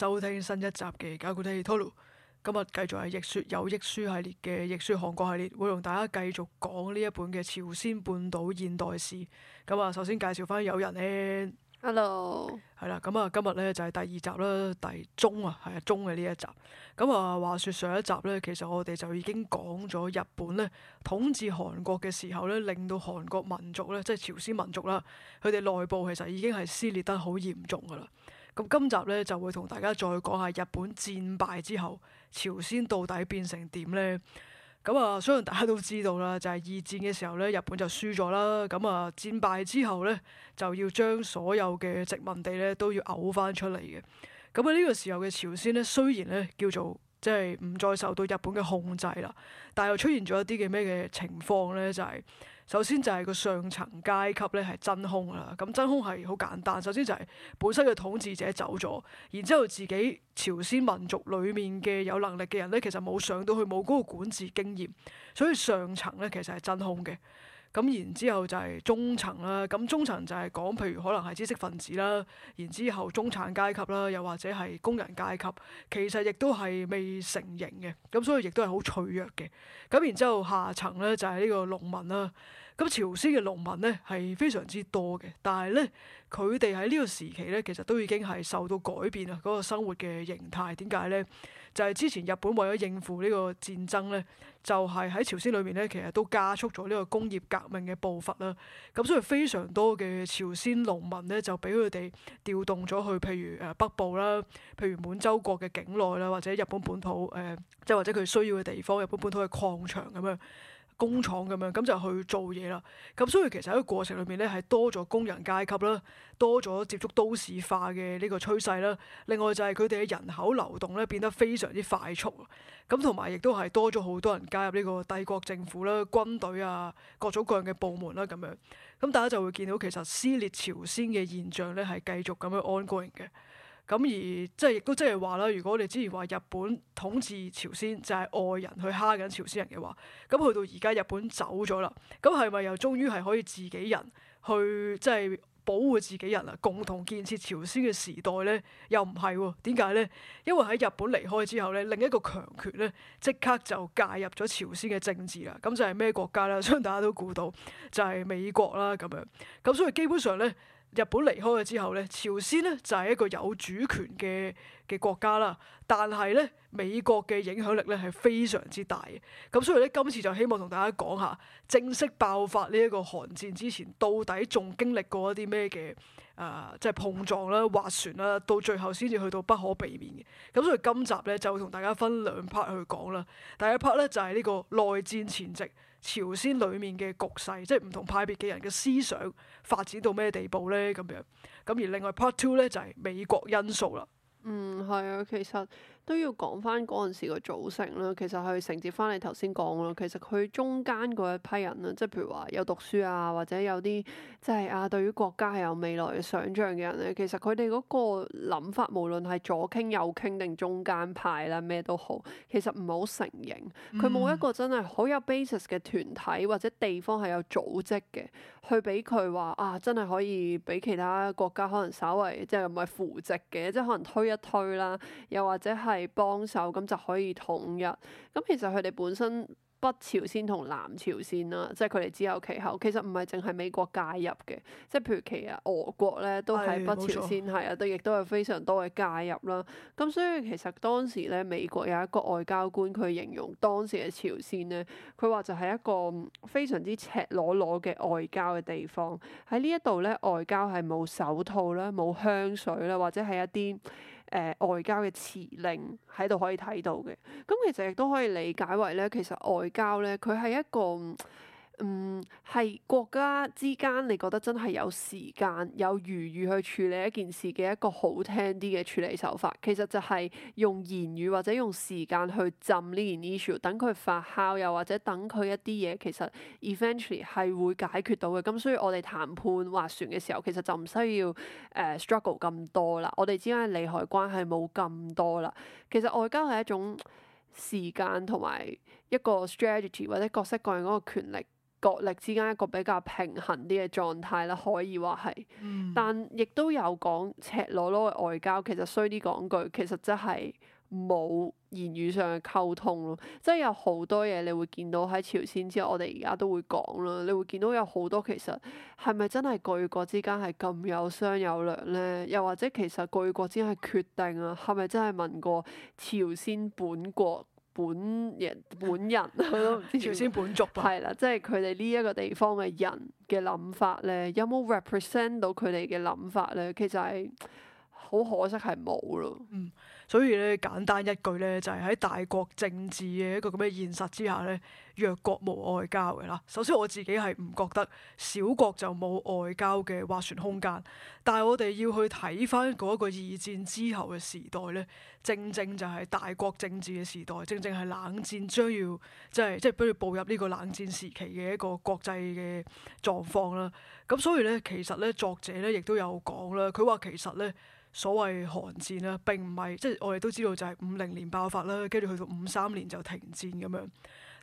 收聽新一集嘅《解故體系》，Hello，今日繼續係逆說有益書系列嘅逆說韓國系列，會同大家繼續講呢一本嘅《朝鮮半島現代史》。咁啊，首先介紹翻友人呢。Hello，係啦。咁啊，今日咧就係第二集啦，第中啊，係啊，中嘅呢一集。咁啊，話說上一集咧，其實我哋就已經講咗日本咧統治韓國嘅時候咧，令到韓國民族咧，即係朝鮮民族啦，佢哋內部其實已經係撕裂得好嚴重噶啦。咁今集咧就會同大家再講下日本戰敗之後，朝鮮到底變成點咧？咁啊，相信大家都知道啦，就係二戰嘅時候咧，日本就輸咗啦。咁啊，戰敗之後咧，就要將所有嘅殖民地咧都要嘔翻出嚟嘅。咁啊，呢個時候嘅朝鮮咧，雖然咧叫做即係唔再受到日本嘅控制啦，但係又出現咗一啲嘅咩嘅情況咧，就係。首先就係個上層階級咧係真空啦，咁真空係好簡單。首先就係本身嘅統治者走咗，然之後自己朝鮮民族裏面嘅有能力嘅人咧，其實冇上到去，冇嗰個管治經驗，所以上層咧其實係真空嘅。咁然之後就係中層啦，咁中層就係講譬如可能係知識分子啦，然之後中產階級啦，又或者係工人階級，其實亦都係未成型嘅，咁所以亦都係好脆弱嘅。咁然之後下層咧就係呢個農民啦。咁朝鮮嘅農民咧係非常之多嘅，但係咧佢哋喺呢個時期咧，其實都已經係受到改變喇嗰、那個生活嘅形態。點解咧？就係、是、之前日本為咗應付呢個戰爭咧，就係、是、喺朝鮮裏面咧，其實都加速咗呢個工業革命嘅步伐啦。咁所以非常多嘅朝鮮農民咧，就俾佢哋調動咗去，譬如誒北部啦，譬如滿洲國嘅境內啦，或者日本本土誒，即、呃、係或者佢需要嘅地方，日本本土嘅礦場咁樣。工廠咁樣咁就去做嘢啦，咁所以其實喺個過程裏面咧，係多咗工人階級啦，多咗接觸都市化嘅呢個趨勢啦。另外就係佢哋嘅人口流動咧變得非常之快速，咁同埋亦都係多咗好多人加入呢個帝國政府啦、軍隊啊、各種各樣嘅部門啦咁樣。咁大家就會見到其實撕裂朝鮮嘅現象咧係繼續咁樣安 n g 嘅。咁而即係亦都即係話啦，如果我哋之前話日本統治朝鮮就係外人去蝦緊朝鮮人嘅話，咁去到而家日本走咗啦，咁係咪又終於係可以自己人去即係、就是、保護自己人啊，共同建設朝鮮嘅時代咧？又唔係喎？點解咧？因為喺日本離開之後咧，另一個強權咧即刻就介入咗朝鮮嘅政治啦。咁就係咩國家啦？相信大家都估到，就係、是、美國啦。咁樣咁所以基本上咧。日本離開咗之後咧，朝鮮咧就係一個有主權嘅嘅國家啦。但係咧，美國嘅影響力咧係非常之大嘅。咁所以咧，今次就希望同大家講下，正式爆發呢一個韓戰之前，到底仲經歷過一啲咩嘅啊，即係碰撞啦、划船啦，到最後先至去到不可避免嘅。咁所以今集咧就同大家分兩 part 去講啦。第一 part 咧就係呢個內戰前夕。朝鮮裡面嘅局勢，即係唔同派別嘅人嘅思想發展到咩地步呢？咁樣咁。而另外，part two 呢就係美國因素喇。嗯，係啊，其實。都要講翻嗰陣時個組成啦，其實係承接翻你頭先講咯。其實佢中間嗰一批人啦，即係譬如話有讀書啊，或者有啲即係啊，對於國家係有未來嘅想像嘅人咧，其實佢哋嗰個諗法，無論係左傾右傾定中間派啦，咩都好，其實唔係好成型。佢冇一個真係好有 basis 嘅團體或者地方係有組織嘅，去俾佢話啊，真係可以俾其他國家可能稍為即係唔係扶植嘅，即係可能推一推啦，又或者係。幫手咁就可以統一。咁其實佢哋本身北朝鮮同南朝鮮啦，即係佢哋只有其後，其實唔係淨係美國介入嘅，即係譬如其啊俄國咧都喺北朝鮮係啊，都亦都有非常多嘅介入啦。咁所以其實當時咧，美國有一個外交官佢形容當時嘅朝鮮咧，佢話就係一個非常之赤裸裸嘅外交嘅地方。喺呢一度咧，外交係冇手套啦，冇香水啦，或者係一啲。誒、呃、外交嘅辭令喺度可以睇到嘅，咁其實亦都可以理解為呢，其實外交呢佢係一個。嗯，係國家之間，你覺得真係有時間有餘裕去處理一件事嘅一個好聽啲嘅處理手法，其實就係用言語或者用時間去浸呢件 issue，等佢發酵，又或者等佢一啲嘢其實 eventually 係會解決到嘅。咁所以我哋談判劃船嘅時候，其實就唔需要誒、uh, struggle 咁多啦。我哋之間嘅利害關係冇咁多啦。其實外交係一種時間同埋一個 strategy 或者角色各樣嗰個權力。國力之間一個比較平衡啲嘅狀態啦，可以話係，嗯、但亦都有講赤裸裸嘅外交。其實衰啲講句，其實真係冇言語上嘅溝通咯。即係有好多嘢，你會見到喺朝鮮之後，我哋而家都會講咯。你會見到有好多其實係咪真係國與國之間係咁有商有量咧？又或者其實國與國之間係決定啊？係咪真係問過朝鮮本國？本人本人，我都唔知。 朝鮮本族。係啦，即係佢哋呢一個地方嘅人嘅諗法咧，有冇 represent 到佢哋嘅諗法咧？其實係好可惜係冇咯。嗯。所以咧，簡單一句咧，就係喺大國政治嘅一個咁嘅現實之下咧，弱國無外交嘅啦。首先我自己係唔覺得小國就冇外交嘅劃船空間，但係我哋要去睇翻嗰一個二戰之後嘅時代咧，正正就係大國政治嘅時代，正正係冷戰將要即係即係不如步入呢個冷戰時期嘅一個國際嘅狀況啦。咁所以咧，其實咧，作者咧亦都有講啦，佢話其實咧。所謂韓戰啦，並唔係即係我哋都知道就係五零年爆發啦，跟住去到五三年就停戰咁樣。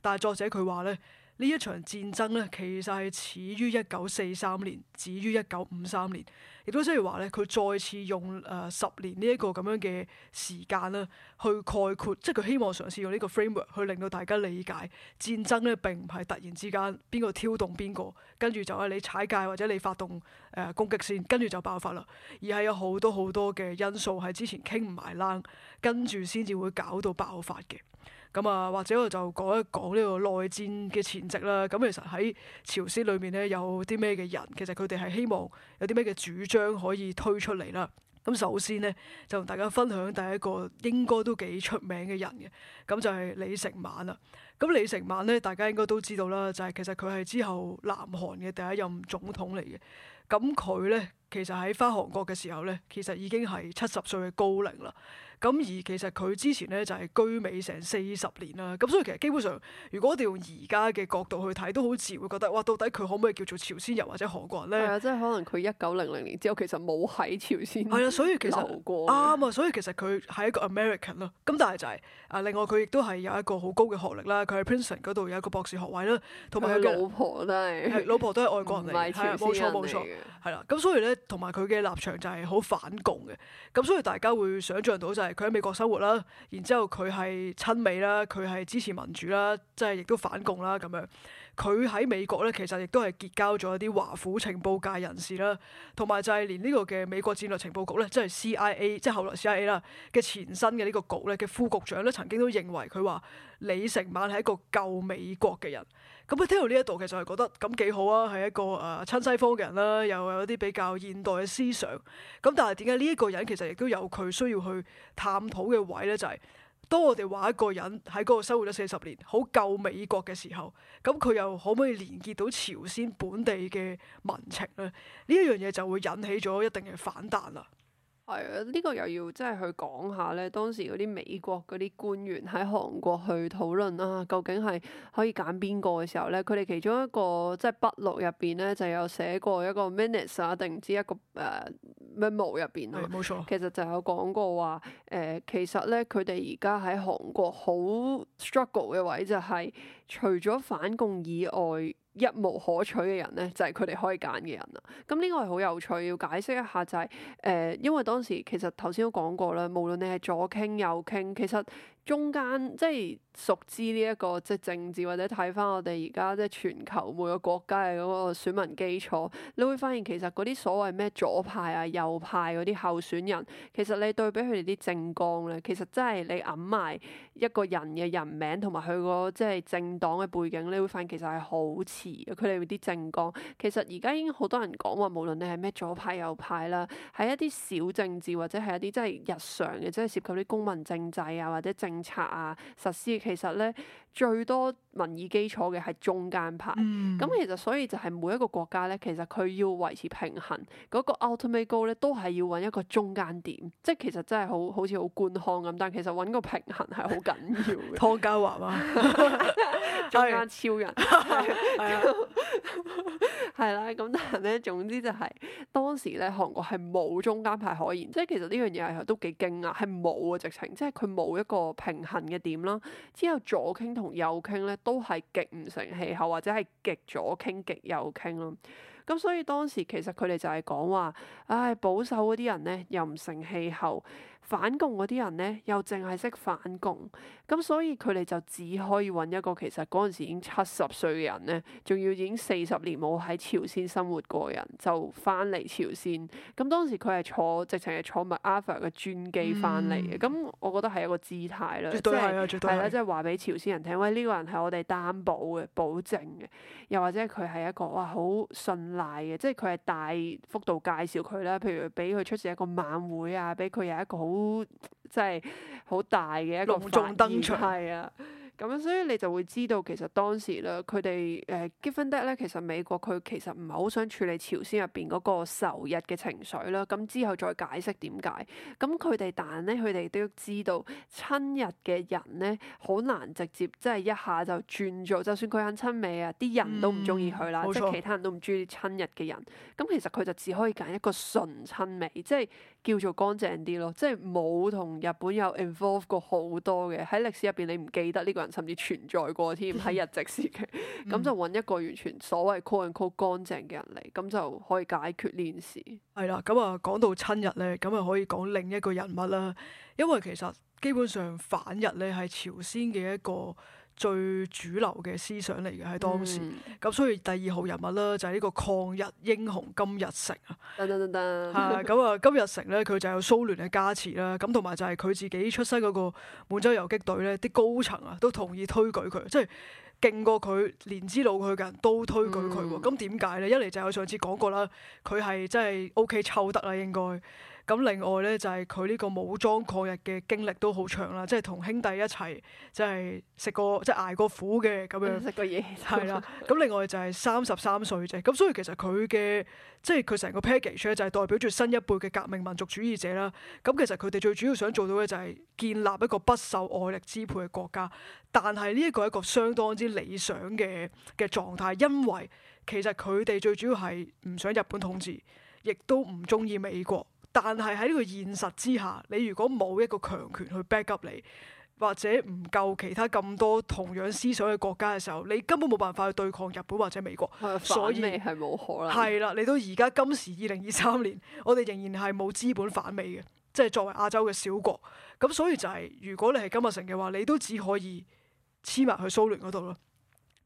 但係作者佢話咧。呢一場戰爭咧，其實係始於一九四三年，始於一九五三年，亦都即係話咧，佢再次用誒、呃、十年呢一個咁樣嘅時間啦，去概括，即係佢希望嘗試用呢個 framework 去令到大家理解戰爭咧並唔係突然之間邊個挑動邊個，跟住就係你踩界或者你發動誒、呃、攻擊先，跟住就爆發啦，而係有好多好多嘅因素喺之前傾唔埋欄，跟住先至會搞到爆發嘅。咁啊，或者我就講一講呢個內戰嘅前夕啦。咁其實喺朝鮮裏面咧，有啲咩嘅人，其實佢哋係希望有啲咩嘅主張可以推出嚟啦。咁首先呢，就同大家分享第一個應該都幾出名嘅人嘅，咁就係李承晚啦。咁李承晚呢，大家應該都知道啦，就係、是、其實佢係之後南韓嘅第一任總統嚟嘅。咁佢呢，其實喺翻韓國嘅時候呢，其實已經係七十歲嘅高齡啦。咁而其實佢之前咧就係、是、居美成四十年啦，咁、嗯、所以其實基本上，如果我哋用而家嘅角度去睇，都好似會覺得哇，到底佢可唔可以叫做朝鮮人或者韓國人咧、啊？即係可能佢一九零零年之後其實冇喺朝鮮留過。啱啊，所以其實佢係 一個 American 啦。咁但係就係、是、啊，另外佢亦都係有一個好高嘅學歷啦，佢喺 Princeton 嗰度有一個博士學位啦，同埋佢老婆都係老婆都係外國人嚟，冇錯冇錯，係啦。咁所以咧，同埋佢嘅立場就係好反共嘅。咁所以大家會想像到就係、是。佢喺美國生活啦，然之後佢係親美啦，佢係支持民主啦，即係亦都反共啦，咁樣。佢喺美國咧，其實亦都係結交咗一啲華府情報界人士啦，同埋就係連呢個嘅美國戰略情報局咧，即係 CIA，即係後來 CIA 啦嘅前身嘅呢個局咧嘅副局長咧，曾經都認為佢話李承晚係一個舊美國嘅人。咁佢聽到呢一度其實係覺得咁幾好啊，係一個誒、呃、親西方嘅人啦，又有啲比較現代嘅思想。咁但係點解呢一個人其實亦都有佢需要去探討嘅位咧？就係。當我哋話一個人喺嗰度生活咗四十年，好夠美國嘅時候，咁佢又可唔可以連結到朝鮮本地嘅民情咧？呢一樣嘢就會引起咗一定嘅反彈啦。係啊，呢、嗯這個又要即係去講下咧，當時嗰啲美國嗰啲官員喺韓國去討論啦，究竟係可以揀邊個嘅時候咧？佢哋其中一個即係筆錄入邊咧，就有寫過一個 minutes 啊，定唔知一個誒、呃、memo 入邊啦。冇錯、嗯。錯其實就有講過話，誒、呃、其實咧，佢哋而家喺韓國好 struggle 嘅位就係、是、除咗反共以外。一無可取嘅人咧，就係佢哋可以揀嘅人啦。咁呢個係好有趣，要解釋一下就係、是、誒、呃，因為當時其實頭先都講過啦，無論你係左傾右傾，其實。中間即係熟知呢、這、一個即係政治，或者睇翻我哋而家即係全球每個國家嘅嗰個選民基礎，你會發現其實嗰啲所謂咩左派啊、右派嗰啲候選人，其實你對比佢哋啲政綱咧，其實真係你揞埋一個人嘅人名同埋佢個即係政黨嘅背景，你會發現其實係好似佢哋啲政綱其實而家已經好多人講話，無論你係咩左派右派啦，喺一啲小政治或者係一啲即係日常嘅，即係涉及啲公民政制啊或者政。政策啊，實施其實咧最多。民意基礎嘅係中間派，咁、嗯、其實所以就係每一個國家咧，其實佢要維持平衡嗰、那個 ultimate goal 咧，都係要揾一個中間點，即、就是、其實真係好好似好官腔咁，但其實揾個平衡係好緊要嘅。拖家畫嘛， 中間超人係啦，咁但係咧，總之就係當時咧，韓國係冇中間派可言，即、就是、其實呢樣嘢係都幾驚啊，係冇啊直情，即係佢冇一個平衡嘅點啦，只有左傾同右傾咧。都係極唔成氣候，或者係極左傾、極右傾咯。咁所以當時其實佢哋就係講話，唉、哎，保守嗰啲人咧又唔成氣候。反共嗰啲人咧，又淨係識反共，咁所以佢哋就只可以揾一個其實嗰陣時已經七十歲嘅人咧，仲要已經四十年冇喺朝鮮生活過嘅人，就翻嚟朝鮮。咁當時佢係坐直情係坐麥阿弗嘅專機翻嚟嘅，咁、嗯、我覺得係一個姿態啦，即係係啦，即係話俾朝鮮人聽，喂呢個人係我哋擔保嘅，保證嘅，又或者佢係一個哇好信賴嘅，即係佢係大幅度介紹佢啦，譬如俾佢出席一個晚會啊，俾佢有一個好。好即係好大嘅一個隆重登場，係啊，咁所以你就會知道其實當時咧，佢哋誒 given that 咧，呃、that, 其實美國佢其實唔係好想處理朝鮮入邊嗰個仇日嘅情緒啦。咁之後再解釋點解。咁佢哋但係咧，佢哋都知道親日嘅人咧，好難直接即係、就是、一下就轉做。就算佢肯親美啊，啲人都唔中意佢啦，嗯、即係其他人都唔中意親日嘅人。咁其實佢就只可以揀一個純親美，即係。叫做乾淨啲咯，即係冇同日本有 involve 過好多嘅，喺歷史入邊，你唔記得呢個人甚至存在過添喺日治時期，咁就揾一個完全所謂 call and call 乾淨嘅人嚟，咁就可以解決呢件事。係啦，咁啊講到親日咧，咁啊可以講另一個人物啦，因為其實基本上反日咧係朝鮮嘅一個。最主流嘅思想嚟嘅喺當時，咁、嗯、所以第二號人物啦，就係、是、呢個抗日英雄金日成啊！噔咁啊！金日成咧佢就有蘇聯嘅加持啦，咁同埋就係佢自己出身嗰個滿洲遊擊隊咧，啲高層啊都同意推舉佢，即係勁過佢連知道佢嘅人都推舉佢喎。咁點解咧？一嚟就係我上次講過啦，佢係真係 OK 抽得啦，應該。咁另外咧就係佢呢個武裝抗日嘅經歷都好長啦，即係同兄弟一齊，即係食過即係捱過苦嘅咁樣。嗯、食過嘢係啦。咁的 另外就係三十三歲啫。咁所以其實佢嘅即係佢成個 package 咧就係代表住新一輩嘅革命民族主義者啦。咁其實佢哋最主要想做到嘅就係建立一個不受外力支配嘅國家。但係呢一個係一個相當之理想嘅嘅狀態，因為其實佢哋最主要係唔想日本統治，亦都唔中意美國。但係喺呢個現實之下，你如果冇一個強權去 back up 你，或者唔夠其他咁多同樣思想嘅國家嘅時候，你根本冇辦法去對抗日本或者美國。呃、反美，所以反美係冇可能。係啦，你到而家今時二零二三年，我哋仍然係冇資本反美嘅，即係作為亞洲嘅小國。咁所以就係、是，如果你係金日成嘅話，你都只可以黐埋去蘇聯嗰度咯。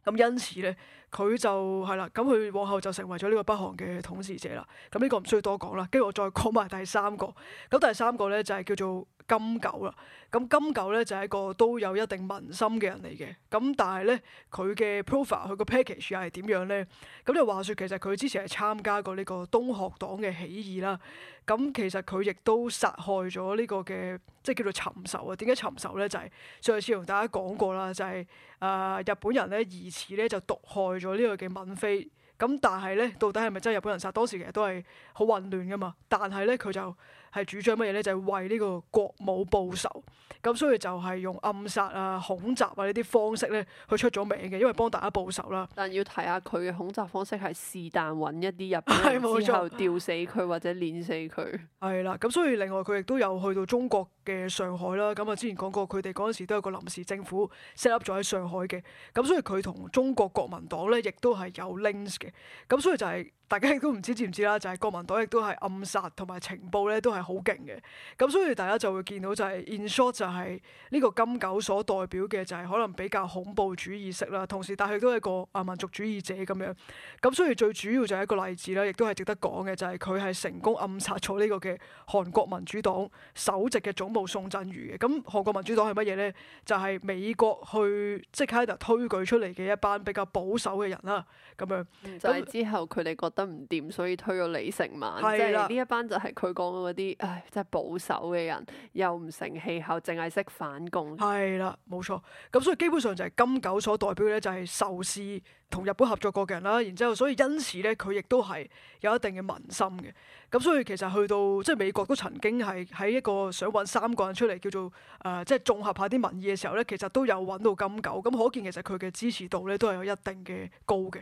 咁因此咧。佢就係啦，咁佢往後就成為咗呢個北韓嘅統治者啦。咁呢個唔需要多講啦，跟住我再講埋第三個。咁第三個咧就係、是、叫做金九啦。咁金九咧就係、是、一個都有一定民心嘅人嚟嘅。咁但係咧佢嘅 profile，佢個 package 又係點樣咧？咁就話說其實佢之前係參加過呢個東學黨嘅起義啦。咁其實佢亦都殺害咗呢個嘅即係叫做尋仇啊。點解尋仇咧？就係、是、上次同大家講過啦，就係、是、啊、呃、日本人咧疑似咧就毒害。咗呢個嘅閔妃，咁但係咧，到底係咪真係日本人殺？當時其實都係好混亂㗎嘛，但係咧佢就。 係主張乜嘢咧？就係、是、為呢個國母報仇，咁所以就係用暗殺啊、恐襲啊呢啲方式咧，去出咗名嘅，因為幫大家報仇啦。但要提下佢嘅恐襲方式係是但揾一啲日本佬之後吊死佢或者斬死佢。係啦，咁所以另外佢亦都有去到中國嘅上海啦。咁啊，之前講過佢哋嗰陣時都係一個臨時政府 set up 咗喺上海嘅。咁所以佢同中國國民黨咧，亦都係有 links 嘅。咁所以就係、是。大家亦都唔知知唔知啦，就係、是、國民黨亦都係暗殺同埋情報咧，都係好勁嘅。咁所以大家就會見到就係、是、in short 就係呢個金九所代表嘅就係可能比較恐怖主義式啦，同時但係亦都係一個民族主義者咁樣，咁所以最主要就係一個例子啦，亦都係值得講嘅就係佢係成功暗殺咗呢個嘅韓國民主黨首席嘅總部宋振宇嘅。咁韓國民主黨係乜嘢咧？就係、是、美國去即係喺度推舉出嚟嘅一班比較保守嘅人啦。咁樣就係之後佢哋覺得。唔掂，所以推到李承晚。係啦，呢一班就係佢講嗰啲，唉，即係保守嘅人，又唔成氣候，淨係識反共。係啦，冇錯。咁所以基本上就係金九所代表咧，就係仇視同日本合作過嘅人啦。然之後，所以因此咧，佢亦都係有一定嘅民心嘅。咁所以其實去到即係、就是、美國都曾經係喺一個想搵三個人出嚟叫做誒，即係綜合下啲民意嘅時候咧，其實都有搵到金九。咁可見其實佢嘅支持度咧都係有一定嘅高嘅。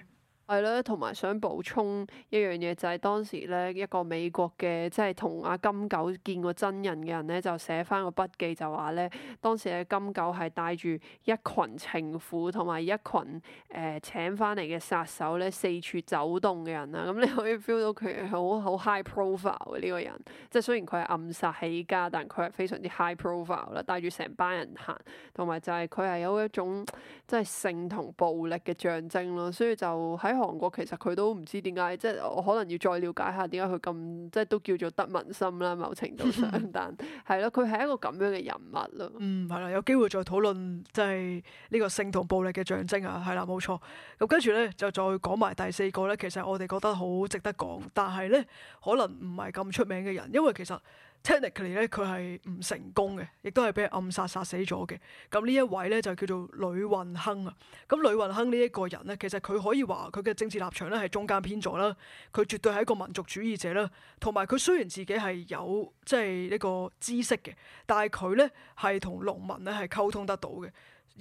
係咯，同埋想補充一樣嘢就係、是、當時咧一個美國嘅，即係同阿金九見過真人嘅人咧，就寫翻個筆記就話咧，當時嘅金九係帶住一群情婦同埋一群誒、呃、請翻嚟嘅殺手咧，四處走動嘅人啦。咁你可以 feel 到佢好好 high profile 嘅呢、這個人，即係雖然佢係暗殺起家，但佢係非常之 high profile 啦，帶住成班人行，同埋就係佢係有一種即係性同暴力嘅象徵咯。所以就喺。韓國其實佢都唔知點解，即係我可能要再了解下點解佢咁，即係都叫做得民心啦，某程度上。但係咯，佢係 一個咁樣嘅人物咯。嗯，係啦，有機會再討論即係呢個性同暴力嘅象徵啊，係啦，冇錯。咁跟住咧就再講埋第四個咧，其實我哋覺得好值得講，但係咧可能唔係咁出名嘅人，因為其實。Technically 咧佢係唔成功嘅，亦都係俾人暗殺殺死咗嘅。咁呢一位咧就叫做呂運亨啊。咁呂運亨呢一個人咧，其實佢可以話佢嘅政治立場咧係中間偏左啦。佢絕對係一個民族主義者啦。同埋佢雖然自己係有即係呢個知識嘅，但係佢咧係同農民咧係溝通得到嘅。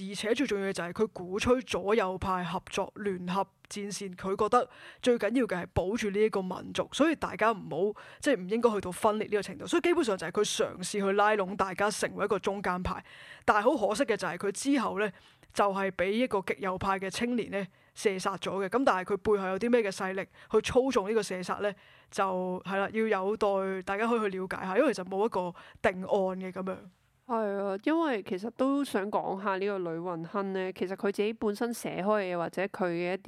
而且最重要嘅就係佢鼓吹左右派合作聯合戰線，佢覺得最緊要嘅係保住呢一個民族，所以大家唔好即係唔應該去到分裂呢個程度。所以基本上就係佢嘗試去拉攏大家成為一個中間派，但係好可惜嘅就係佢之後咧就係俾一個極右派嘅青年咧射殺咗嘅。咁但係佢背後有啲咩嘅勢力去操縱呢個射殺咧，就係啦，要有待大家可以去了解下，因為其實冇一個定案嘅咁樣。係啊，因為其實都想講下呢個呂運亨咧，其實佢自己本身寫開嘅或者佢嘅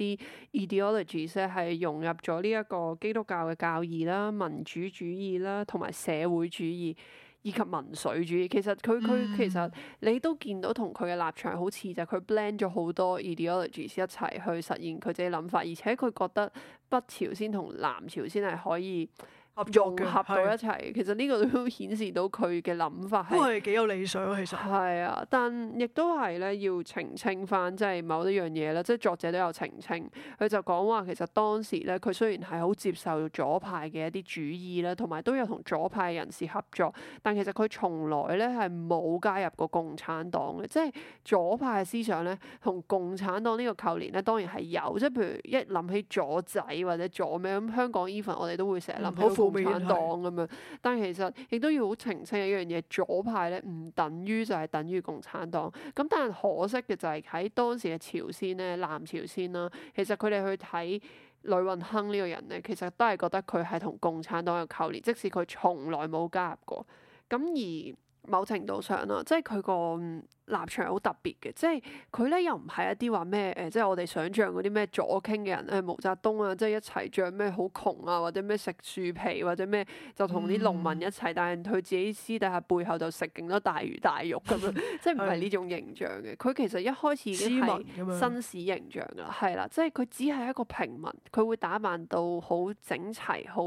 一啲 ideologies 係融入咗呢一個基督教嘅教義啦、民主主義啦、同埋社會主義以及民粹主義。其實佢佢、嗯、其實你都見到同佢嘅立場好似就佢 blend 咗好多 ideologies 一齊去實現佢自己諗法，而且佢覺得北朝鮮同南朝鮮係可以，合作融合到一齊，的其實呢個都顯示到佢嘅諗法都係幾有理想，其實係啊。但亦都係咧要澄清翻即係某一樣嘢啦，即係作者都有澄清，佢就講話其實當時咧，佢雖然係好接受左派嘅一啲主意啦，同埋都有同左派人士合作，但其實佢從來咧係冇加入過共產黨嘅。即係左派嘅思想咧同共產黨呢個扣連咧當然係有，即係譬如一諗起左仔或者左咩咁香港 even 我哋都會成日諗起好。共產黨咁樣，但係其實亦都要好澄清一樣嘢，左派咧唔等於就係等於共產黨。咁但係可惜嘅就係喺當時嘅朝鮮咧，南朝鮮啦，其實佢哋去睇呂運亨呢個人咧，其實都係覺得佢係同共產黨有勾連，即使佢從來冇加入過。咁而某程度上啦，即係佢個。立場係好特別嘅，即係佢咧又唔係一啲話咩誒，即係我哋想象嗰啲咩左傾嘅人誒、哎，毛澤東啊，即係一齊著咩好窮啊，或者咩食樹皮或者咩，就同啲農民一齊，但係佢自己私底下背後就食勁多大魚大肉咁樣， 即係唔係呢種形象嘅？佢 其實一開始已經係紳士形象㗎啦，係啦，即係佢只係一個平民，佢會打扮到好整齊、好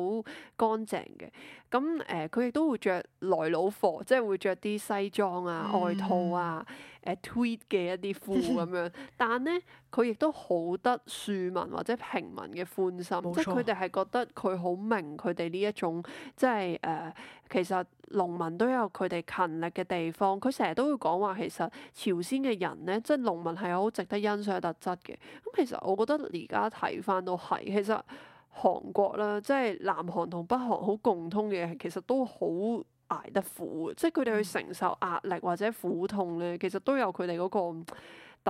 乾淨嘅，咁誒佢亦都會著來佬貨，即係會著啲西裝啊、外套啊。嗯誒 tweet 嘅一啲符咁樣，但咧佢亦都好得庶民或者平民嘅歡心，錯即佢哋係覺得佢好明佢哋呢一種即係誒、呃，其實農民都有佢哋勤力嘅地方，佢成日都會講話其實朝鮮嘅人咧，即係農民係好值得欣賞嘅特質嘅。咁其實我覺得而家睇翻返都係，其實韓國咧，即係南韓同北韓好共通嘅，其實都好，捱得苦，即係佢哋去承受壓力或者苦痛咧，嗯、其實都有佢哋嗰個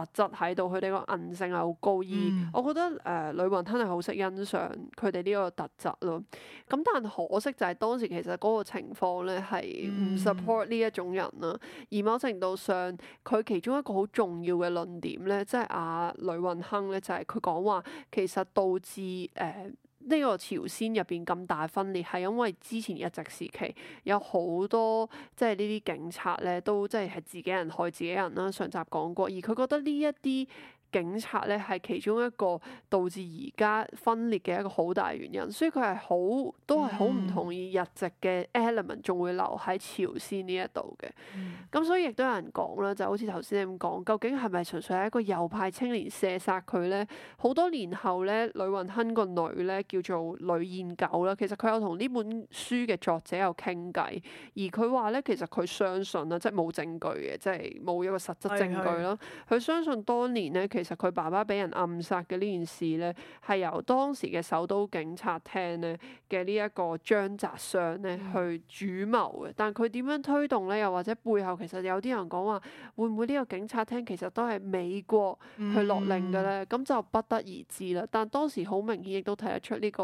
特質喺度，佢哋個韌性係好高。而、嗯、我覺得誒、呃，李雲亨係好識欣賞佢哋呢個特質咯。咁、呃呃 yes 嗯呃、但可惜就係當時其實嗰個情況咧係唔 support 呢一種、嗯、人啦。而某程度上，佢其中一個好重要嘅論點咧，即係阿李雲亨咧，就係佢講話其實導致誒。呃呢個朝鮮入邊咁大分裂，係因為之前日治時期有好多即係呢啲警察咧，都即係係自己人害自己人啦，上集講過，而佢覺得呢一啲。警察咧，係其中一個導致而家分裂嘅一個好大原因，所以佢，係好都係好唔同意日籍嘅 element 仲會留喺朝鮮呢一度嘅。咁、嗯、所以亦都有人講啦，就好似頭先你咁講，究竟係咪純粹係一個右派青年射殺佢咧？好多年後咧，呂雲亨個女咧叫做呂燕九啦。其實佢有同呢本書嘅作者有傾偈，而佢話咧其實佢相信啦，即係冇證據嘅，即係冇一個實質證據啦。佢是相信當年咧，其實。其實佢爸爸俾人暗殺嘅呢件事咧，係由當時嘅首都警察廳咧嘅呢一個張澤相咧去主謀嘅，但佢點樣推動咧，又或者背後其實有啲人講話會唔會呢個警察廳其實都係美國去落令嘅咧，咁、嗯、就不得而知啦。但當時好明顯亦都睇得出呢、這個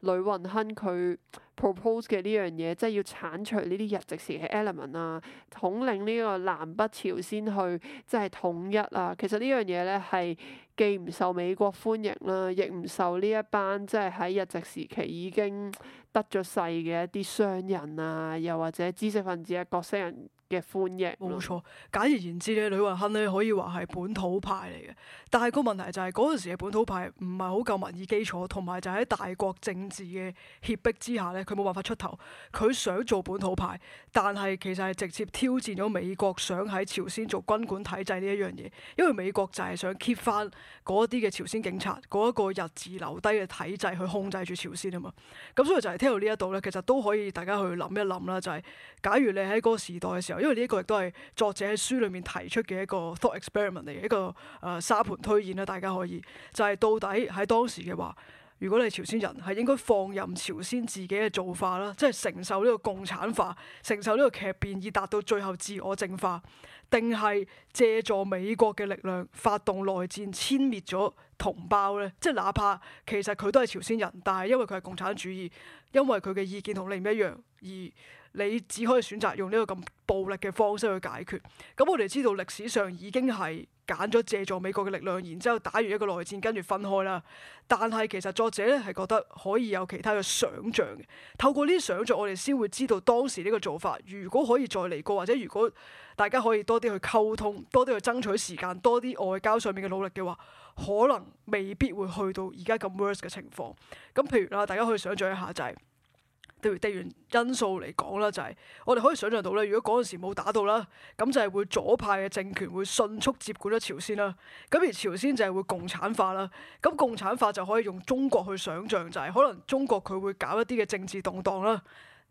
呂運亨佢。propose 嘅呢樣嘢，即係要剷除呢啲日殖時期 element 啊，統領呢個南北朝鮮去即係統一啊。其實呢樣嘢咧係既唔受美國歡迎啦，亦唔受呢一班即係喺日殖時期已經得咗勢嘅一啲商人啊，又或者知識分子啊角色人嘅歡迎，冇錯。簡而言之咧，呂雲亨咧可以話係本土派嚟嘅。但係個問題就係嗰陣時嘅本土派唔係好夠民意基礎，同埋就喺大國政治嘅脅迫之下咧，佢冇辦法出頭。佢想做本土派，但係其實係直接挑戰咗美國想喺朝鮮做軍管體制呢一樣嘢。因為美國就係想 keep 翻嗰啲嘅朝鮮警察嗰一個日治留低嘅體制去控制住朝鮮啊嘛。咁所以就係聽到呢一度咧，其實都可以大家去諗一諗啦。就係假如你喺嗰個時代嘅時候。因為呢個亦都係作者喺書裏面提出嘅一個 thought experiment 嚟，嘅一個誒沙盤推演啦，大家可以就係、是、到底喺當時嘅話，如果你係朝鮮人，係應該放任朝鮮自己嘅做法啦，即係承受呢個共產化、承受呢個劇變，以達到最後自我淨化，定係借助美國嘅力量發動內戰，殲滅咗同胞呢？即係哪怕其實佢都係朝鮮人，但係因為佢係共產主義，因為佢嘅意見同你唔一樣而。你只可以選擇用呢個咁暴力嘅方式去解決。咁我哋知道歷史上已經係揀咗借助美國嘅力量，然之後打完一個內戰跟住分開啦。但係其實作者咧係覺得可以有其他嘅想像嘅。透過呢啲想像，我哋先會知道當時呢個做法，如果可以再嚟過，或者如果大家可以多啲去溝通，多啲去爭取時間，多啲外交上面嘅努力嘅話，可能未必會去到而家咁 worse 嘅情況。咁譬如啦，大家可以想像一下就係、是。對地緣因素嚟講啦，就係我哋可以想像到咧，如果嗰陣時冇打到啦，咁就係會左派嘅政權會迅速接管咗朝鮮啦。咁而朝鮮就係會共產化啦。咁共產化就可以用中國去想像，就係可能中國佢會搞一啲嘅政治動盪啦。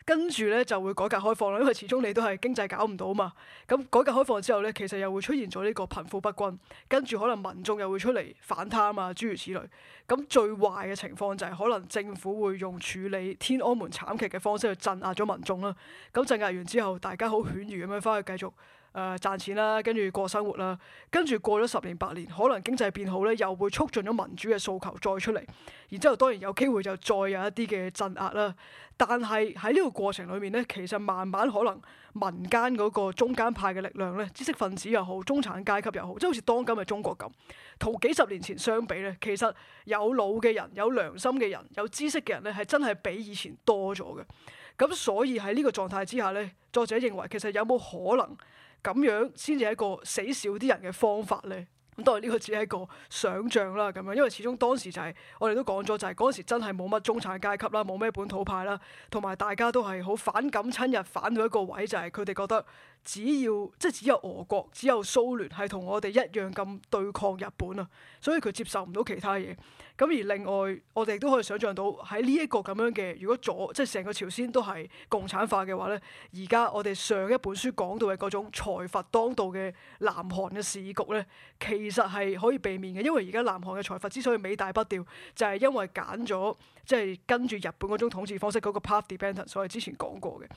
跟住咧就會改革開放啦，因為始終你都係經濟搞唔到嘛。咁改革開放之後咧，其實又會出現咗呢個貧富不均，跟住可能民眾又會出嚟反貪啊嘛，諸如此類。咁最壞嘅情況就係可能政府會用處理天安門慘劇嘅方式去鎮壓咗民眾啦、啊。咁鎮壓完之後，大家好犬儒咁樣翻去繼續。誒、呃、賺錢啦，跟住過生活啦，跟住過咗十年八年，可能經濟變好咧，又會促進咗民主嘅訴求再出嚟。然之後當然有機會就再有一啲嘅鎮壓啦。但係喺呢個過程裏面咧，其實慢慢可能民間嗰個中間派嘅力量咧，知識分子又好，中產階級又好，即係好似當今嘅中國咁，同幾十年前相比咧，其實有腦嘅人、有良心嘅人、有知識嘅人咧，係真係比以前多咗嘅。咁所以喺呢個狀態之下咧，作者認為其實有冇可能？咁樣先至係一個死少啲人嘅方法呢？咁當然呢個只係一個想象啦，咁樣，因為始終當時就係、是、我哋都講咗，就係嗰陣時真係冇乜中產階級啦，冇咩本土派啦，同埋大家都係好反感親日反到一個位，就係佢哋覺得。只要即係只有俄國只有蘇聯係同我哋一樣咁對抗日本啊，所以佢接受唔到其他嘢。咁而另外，我哋都可以想象到喺呢一個咁樣嘅，如果左即係成個朝鮮都係共產化嘅話咧，而家我哋上一本書講到嘅嗰種財閥當道嘅南韓嘅市局咧，其實係可以避免嘅，因為而家南韓嘅財閥之所以尾大不掉，就係、是、因為揀咗即係跟住日本嗰種統治方式嗰、那個 path dependence 所以我之前講過嘅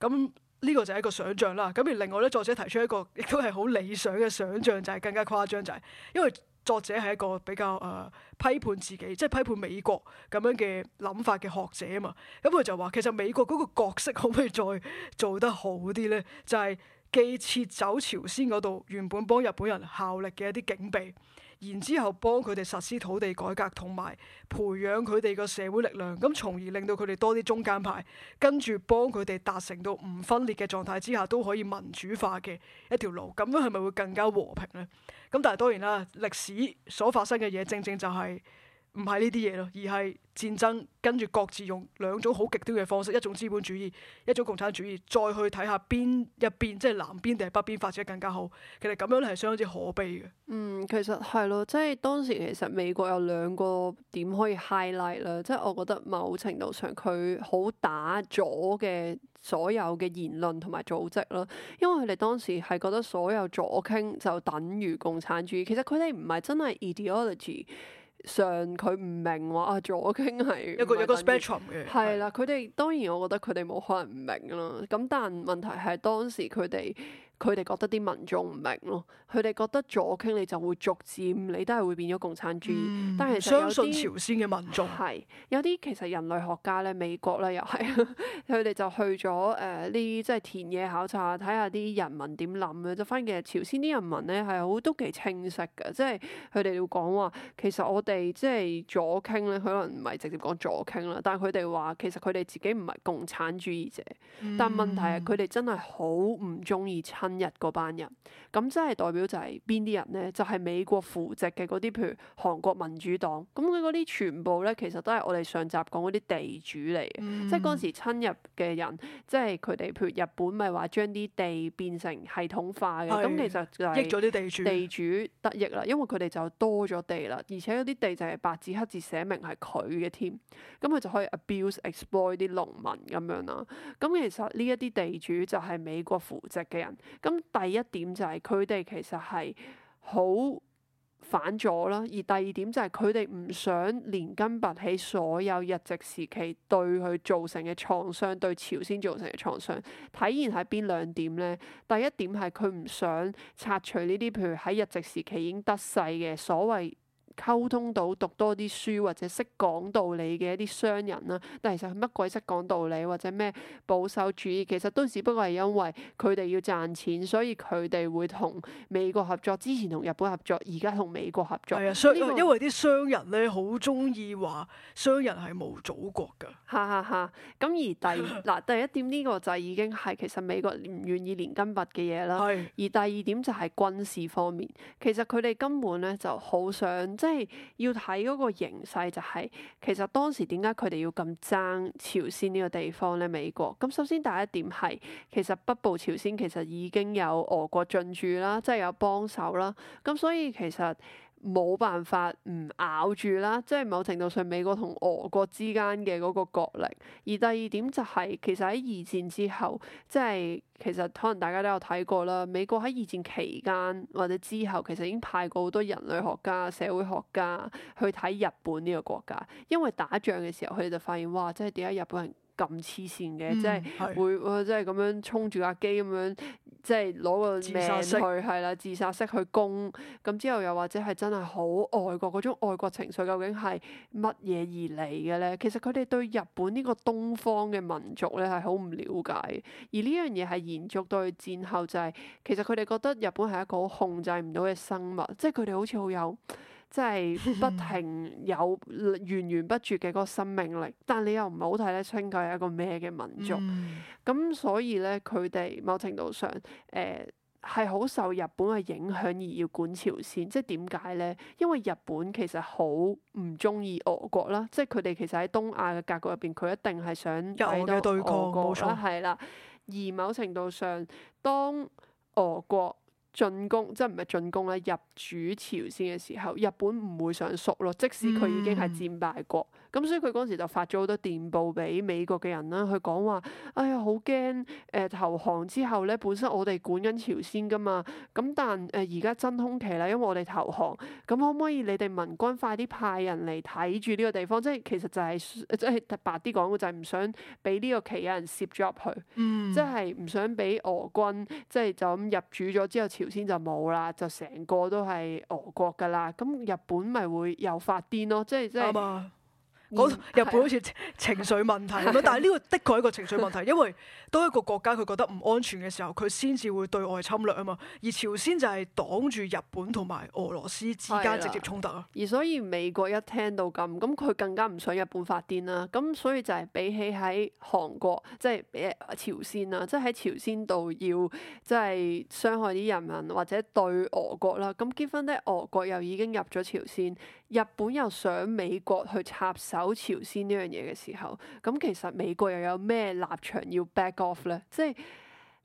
咁。呢個就係一個想像啦，咁而另外咧，作者提出一個亦都係好理想嘅想像，就係、是、更加誇張，就係、是、因為作者係一個比較誒、呃、批判自己，即係批判美國咁樣嘅諗法嘅學者啊嘛，咁佢就話其實美國嗰個角色可唔可以再做得好啲咧？就係、是、既撤走朝鮮嗰度原本幫日本人效力嘅一啲警備。然之後幫佢哋實施土地改革，同埋培養佢哋個社會力量，咁從而令到佢哋多啲中間派，跟住幫佢哋達成到唔分裂嘅狀態之下，都可以民主化嘅一條路，咁樣係咪會更加和平呢？咁但係當然啦，歷史所發生嘅嘢，正正就係。唔係呢啲嘢咯，而係戰爭跟住各自用兩種好極端嘅方式，一種資本主義，一種共產主義，再去睇下邊一邊即係南邊定係北邊發展得更加好。其實咁樣係相當之可悲嘅。嗯，其實係咯，即係當時其實美國有兩個點可以 highlight 啦，即係我覺得某程度上佢好打咗嘅所有嘅言論同埋組織啦，因為佢哋當時係覺得所有左傾就等於共產主義，其實佢哋唔係真係 ideology。上佢唔明，話啊左傾係一個一個 spectrum 嘅係啦，佢哋當然我覺得佢哋冇可能唔明啦。咁但問題係當時佢哋佢哋覺得啲民眾唔明咯。佢哋覺得左傾你就會逐漸你都係會變咗共產主義，嗯、但係其實有啲相信朝鮮嘅民族係有啲其實人類學家咧美國啦又係佢哋就去咗誒啲即係田野考察睇下啲人民點諗，就發現其實朝鮮啲人民咧係好都幾清晰嘅，即係佢哋要講話其實我哋即係左傾咧，可能唔係直接講左傾啦，但係佢哋話其實佢哋自己唔係共產主義者，嗯、但問題係佢哋真係好唔中意親日嗰班人，咁即係代表。表就係邊啲人咧？就係、是、美國扶植嘅嗰啲，譬如韓國民主黨。咁佢嗰啲全部咧，其實都係我哋上集講嗰啲地主嚟嘅。嗯、即係嗰陣時親日嘅人，即係佢哋譬如日本咪話將啲地變成系統化嘅。咁是其實就益咗啲地主，地主得益啦。因為佢哋就多咗地啦，而且嗰啲地就係白紙黑字寫明係佢嘅添。咁佢就可以 abuse、exploit 啲農民咁樣啦。咁其實呢一啲地主就係美國扶植嘅人。咁第一點就係佢哋其實。就係好反咗啦，而第二點就係佢哋唔想連根拔起所有日殖時期對佢造成嘅創傷，對朝鮮造成嘅創傷。體現喺邊兩點咧？第一點係佢唔想拆除呢啲，譬如喺日殖時期已經得勢嘅所謂。溝通到讀多啲書或者識講道理嘅一啲商人啦，但其實佢乜鬼識講道理或者咩保守主義，其實都只不過係因為佢哋要賺錢，所以佢哋會同美國合作，之前同日本合作，而家同美國合作。係啊的，商、這個、因為啲商人咧好中意話，商人係冇祖國㗎。哈哈哈！咁而第嗱 第一點呢個就已經係其實美國唔願意連根拔嘅嘢啦。的而第二點就係軍事方面，其實佢哋根本咧就好想即即係要睇嗰個形勢、就係，就係其實當時點解佢哋要咁爭朝鮮呢個地方咧？美國咁首先第一點係，其實北部朝鮮其實已經有俄國進駐啦，即係有幫手啦。咁所以其實。冇辦法唔咬住啦，即係某程度上美國同俄國之間嘅嗰個角力。而第二點就係、是、其實喺二戰之後，即係其實可能大家都有睇過啦，美國喺二戰期間或者之後其實已經派過好多人類學家、社會學家去睇日本呢個國家，因為打仗嘅時候佢哋就發現哇，即係點解日本人咁黐線嘅，嗯、即係會，即係咁樣衝住架機咁樣，即係攞個命去，係啦，自殺式去攻。咁之後又或者係真係好愛國，嗰種愛國情緒究竟係乜嘢而嚟嘅咧？其實佢哋對日本呢個東方嘅民族咧係好唔了解，而呢樣嘢係延續到去戰後、就係，就係其實佢哋覺得日本係一個好控制唔到嘅生物，即係佢哋好似好有。即係不停有源源不絕嘅嗰個生命力，但你又唔係好睇得清佢係一個咩嘅民族。咁、嗯、所以咧，佢哋某程度上誒係好受日本嘅影響而要管朝鮮。即係點解咧？因為日本其實好唔中意俄國啦。即係佢哋其實喺東亞嘅格局入邊，佢一定係想對抗俄國啦。冇錯啦。係啦。而某程度上，當俄國進攻，即係唔係進攻啦。入主朝鮮嘅時候，日本唔會想縮咯。即使佢已經係戰敗國。嗯咁所以佢嗰時就發咗好多電報俾美國嘅人啦。佢講話：哎呀，好驚！誒、呃，投降之後咧，本身我哋管緊朝鮮噶嘛。咁但誒而家真空期啦，因為我哋投降咁，可唔可以你哋民軍快啲派人嚟睇住呢個地方？即係其實就係、是、即係白啲講，就係、是、唔想俾呢個期有人攝咗入去，嗯、即係唔想俾俄軍即係就咁入主咗之後，朝鮮就冇啦，就成個都係俄國噶啦。咁日本咪會又發癲咯？即係即係。嗯嗯、日本好似情緒問題咁，的但係呢個的確係一個情緒問題，是的 因為當一個國家佢 覺得唔安全嘅時候，佢先至會對外侵略啊嘛。而朝鮮就係擋住日本同埋俄羅斯之間直接衝突啊。而所以美國一聽到咁，咁佢更加唔想日本發癲啦。咁所以就係比起喺韓國，即係誒朝鮮啦，即係喺朝鮮度要即係傷害啲人民或者對俄國啦。咁結婚呢，俄國又已經入咗朝鮮。日本又想美國去插手朝鮮呢樣嘢嘅時候，咁其實美國又有咩立場要 back off 咧？即係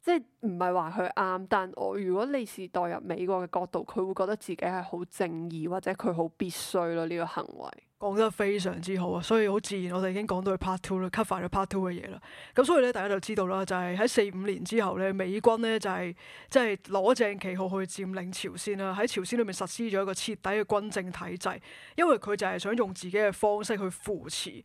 即係唔係話佢啱，但我如果你是代入美國嘅角度，佢會覺得自己係好正義或者佢好必須咯呢個行為。講得非常之好啊，所以好自然，我哋已經講到 part two 啦，cover 咗 part two 嘅嘢啦。咁所以咧，大家就知道啦，就係喺四五年之後咧，美軍咧就係即係攞正旗號去佔領朝鮮啦，喺朝鮮裏面實施咗一個徹底嘅軍政體制，因為佢就係想用自己嘅方式去扶持。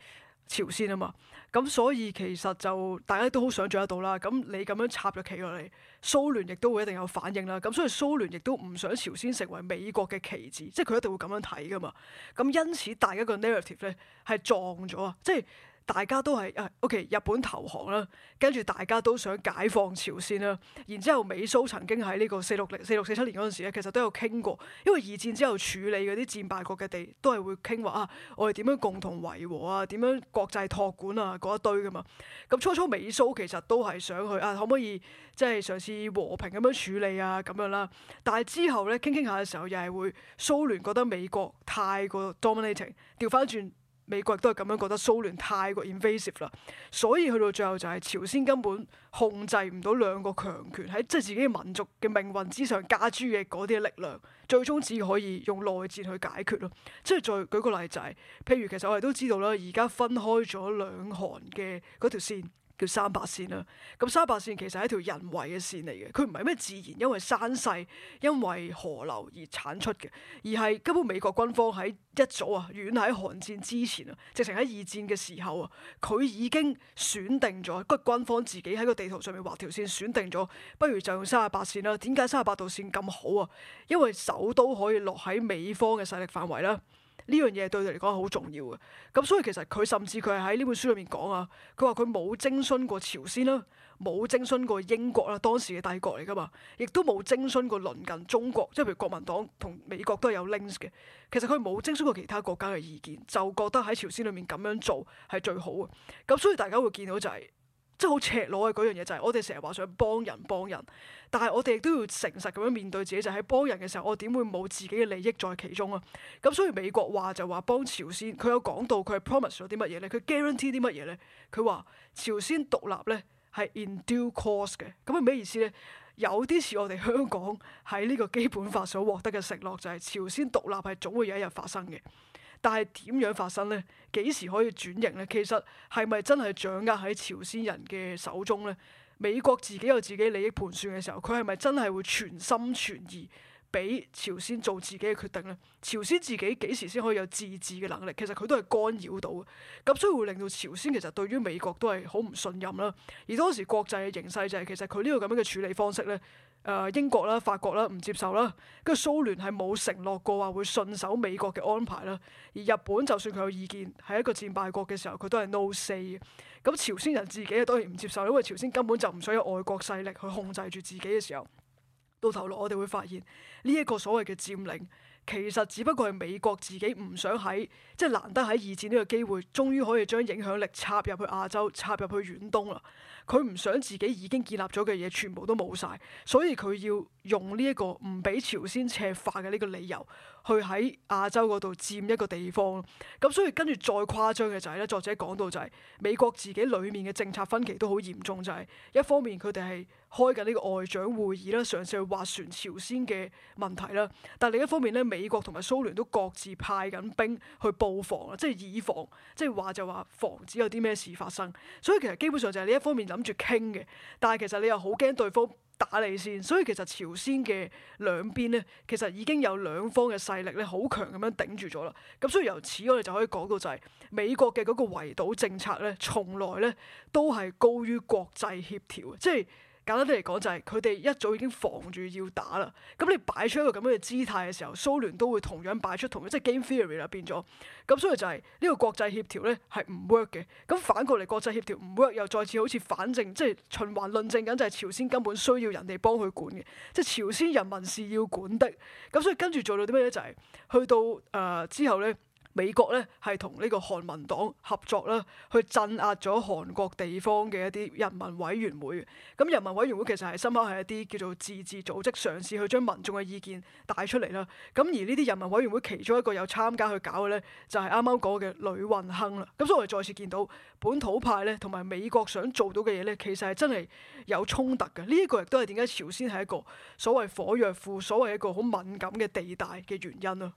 朝鮮啊嘛，咁所以其實就大家都好想像得到啦。咁你咁樣插咗旗落嚟，蘇聯亦都會一定有反應啦。咁所以蘇聯亦都唔想朝鮮成為美國嘅棋子，即係佢一定會咁樣睇㗎嘛。咁因此大家個 narrative 咧係撞咗啊，即係。大家都係啊，OK，日本投降啦，跟住大家都想解放朝鮮啦，然之後美蘇曾經喺呢個四六零、四六四七年嗰陣時咧，其實都有傾過，因為二戰之後處理嗰啲戰敗國嘅地，都係會傾話啊，我哋點樣共同維和啊，點樣國際託管啊，嗰一堆㗎嘛。咁初初美蘇其實都係想去啊，可唔可以即係嘗試和平咁樣處理啊，咁樣啦。但係之後咧傾傾下嘅時候，又係會蘇聯覺得美國太過 dominating，掉返轉。美國都係咁樣覺得蘇聯太過 invasive 啦，所以去到最後就係朝鮮根本控制唔到兩個強權喺即係自己民族嘅命運之上加諸嘅嗰啲力量，最終只可以用內戰去解決咯。即係再舉個例就係，譬如其實我哋都知道啦，而家分開咗兩韓嘅嗰條線。叫三八線啦，咁三八線其實係一條人為嘅線嚟嘅，佢唔係咩自然，因為山勢、因為河流而產出嘅，而係根本美國軍方喺一早啊，遠喺韓戰之前啊，直情喺二戰嘅時候啊，佢已經選定咗，個軍方自己喺個地圖上面畫條線，選定咗，不如就用三十八線啦。點解三十八度線咁好啊？因為首都可以落喺美方嘅勢力範圍啦。呢樣嘢對佢嚟講好重要嘅，咁所以其實佢甚至佢係喺呢本書裏面講啊，佢話佢冇徵詢過朝鮮啦，冇徵詢過英國啦，當時嘅帝國嚟噶嘛，亦都冇徵詢過鄰近中國，即係譬如國民黨同美國都係有 links 嘅，其實佢冇徵詢過其他國家嘅意見，就覺得喺朝鮮裏面咁樣做係最好嘅，咁所以大家會見到就係。真係好赤裸嘅嗰樣嘢就係，我哋成日話想幫人幫人，但係我哋都要誠實咁樣面對自己，就喺幫人嘅時候，我點會冇自己嘅利益在其中啊？咁所以美國話就話幫朝鮮，佢有講到佢係 promise 咗啲乜嘢咧？佢 guarantee 啲乜嘢咧？佢話朝鮮獨立咧係 in due course 嘅，咁係咩意思咧？有啲似我哋香港喺呢個基本法所獲得嘅承諾，就係朝鮮獨立係總會有一日發生嘅。但係點樣發生咧？幾時可以轉型咧？其實係咪真係掌握喺朝鮮人嘅手中咧？美國自己有自己利益盤算嘅時候，佢係咪真係會全心全意？俾朝鮮做自己嘅決定咧，朝鮮自己幾時先可以有自治嘅能力？其實佢都係干擾到嘅，咁所以會令到朝鮮其實對於美國都係好唔信任啦。而當時國際嘅形勢就係、是、其實佢呢個咁樣嘅處理方式咧，誒、呃、英國啦、法國啦唔接受啦，跟住蘇聯係冇承諾過話會順守美國嘅安排啦。而日本就算佢有意見，係一個戰敗國嘅時候，佢都係 no say 嘅。咁朝鮮人自己當然唔接受，因為朝鮮根本就唔想有外國勢力去控制住自己嘅時候。到頭來，我哋會發現呢一個所謂嘅佔領，其實只不過係美國自己唔想喺，即係難得喺二戰呢個機會，終於可以將影響力插入去亞洲、插入去遠東啦。佢唔想自己已經建立咗嘅嘢，全部都冇晒，所以佢要。用呢一個唔俾朝鮮赤化嘅呢個理由，去喺亞洲嗰度佔一個地方。咁所以跟住再誇張嘅就係、是、咧，作者講到就係、是、美國自己裏面嘅政策分歧都好嚴重，就係、是、一方面佢哋係開緊呢個外長會議啦，嘗試去斡旋朝鮮嘅問題啦。但另一方面咧，美國同埋蘇聯都各自派緊兵去布防，即、就、係、是、以防，即、就、係、是、話就話防止有啲咩事發生。所以其實基本上就係呢一方面諗住傾嘅，但係其實你又好驚對方打你先，所以其實朝鮮嘅兩邊咧，其實已經有兩方嘅勢力咧，好強咁樣頂住咗啦。咁所以由此我哋就可以講到就係美國嘅嗰個圍堵政策咧，從來咧都係高於國際協調，即係。簡單啲嚟講，就係佢哋一早已經防住要打啦。咁你擺出一個咁樣嘅姿態嘅時候，蘇聯都會同樣擺出同樣即係、就是、game theory 啦，變咗。咁所以就係呢個國際協調咧係唔 work 嘅。咁反過嚟，國際協調唔 work，又再次好似反證，即、就、係、是、循環論證緊就係朝鮮根本需要人哋幫佢管嘅，即、就、係、是、朝鮮人民是要管的。咁所以跟住做到啲咩咧就係、是、去到誒、呃、之後咧。美國咧係同呢個韓民黨合作啦，去鎮壓咗韓國地方嘅一啲人民委員會。咁人民委員會其實係深刻係一啲叫做自治組織，嘗試去將民眾嘅意見帶出嚟啦。咁而呢啲人民委員會其中一個有參加去搞嘅咧，就係啱啱講嘅呂運亨啦。咁所以我哋再次見到本土派咧，同埋美國想做到嘅嘢咧，其實係真係有衝突嘅。呢、這、一個亦都係點解朝鮮係一個所謂火藥庫，所謂一個好敏感嘅地帶嘅原因啦。